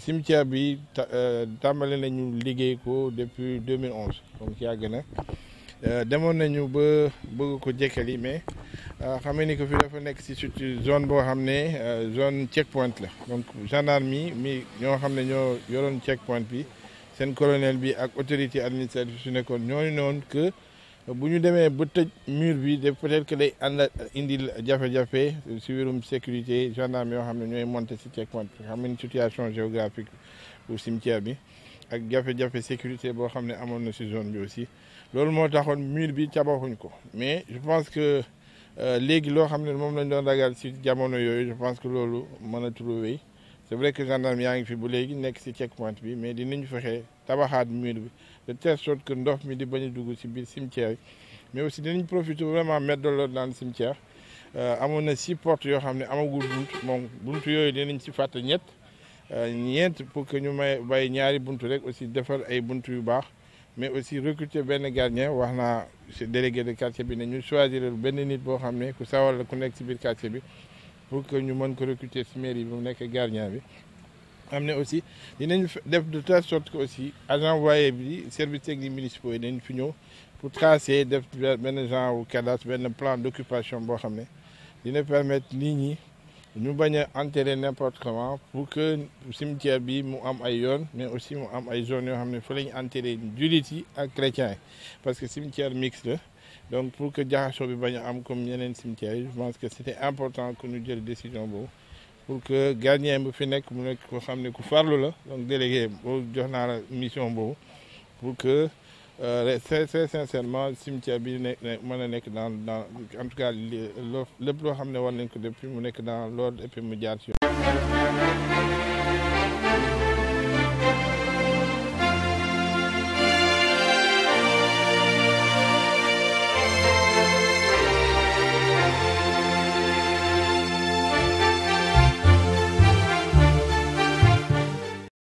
cimetière bi euh, tàmbali nañu liggéey ko depuis 2011 donc yàgg na euh, demoon nañu ba bëgg ko jekkali mais euh, xam ni ko fi dafa nekk si surtout zone boo xam ne zone check point la donc gendarmerie mi ñoo xam ne ñoo yoroon check point bi seen colonel bi ak autorité administrative su nekkoon ñooñu noonu que bu ñu demee ba tëj mur bi de peut-être que day indi jafe-jafe si wérum sécurité gendarme yoo xam ne ñooy monter si checkpoint xam nga situation géographique bu cimetière bi ak jafe-jafe sécurité boo xam ne amoon na si zone bi aussi loolu moo taxoon mur bi tabaxuñ ko mais je pense que euh, léegi loo xam ne moom lañ doon ragal si jamono yooyu je pense que loolu mën a trouver c'est vrai que gendarme yaa ngi fi bu léegi nekk si checkpoint bi mais dinañ fexe. tabaxaat mur bi de telle que ndox mi di bañ a dugg ci biir cimetière yi mais aussi dinañ profiter vraiment mettre de l'ordre dans le euh, na si porte yoo xam ne amagul bunt moom bunt yooyu dinañ si fàtte ñett euh, ñeent pour que ñu may bay ñaari bunt rek aussi defar ay bunt yu baax mais aussi recruter benn gardien wax naa délégué de quartier bi ne ñu choisir benn nit boo xam ne ku sawar la ku nekk si biir quartier bi pour que ñu mën ko recruter si mairie bi mu nekk gardien bi am ne aussi dinañ def de telle sorte que aussi agent voyer bi service technique municipaux yi dañ fi ñëw pour tracer def benn genre wu cadastre benn plan d' occupation boo xam ne dina permettre nit ñi ñu bañ a enterrer n'importe comment pour que cimetière bi mu am ay yoon mais aussi mu am ay zone yoo xam ne fa la ñu enterrer jullit yi ak chrétiens parce que cimetière mixte la donc pour que jaxasoo bi bañ am comme ñeneen cimetière yi je pense que c' important que ñu jël décision boobu pour que gardien bu fi nekk mu nekk ko xam ne ku farlu la donc délégué bo jox naa la mission boobu pour que euh, très très sincèrement cimetière bi nekk mën a nekk dans dans en tout cas lépp loo xam ne war nañ ko depuis mu nekk dans l'ordre et puis mu jaar ci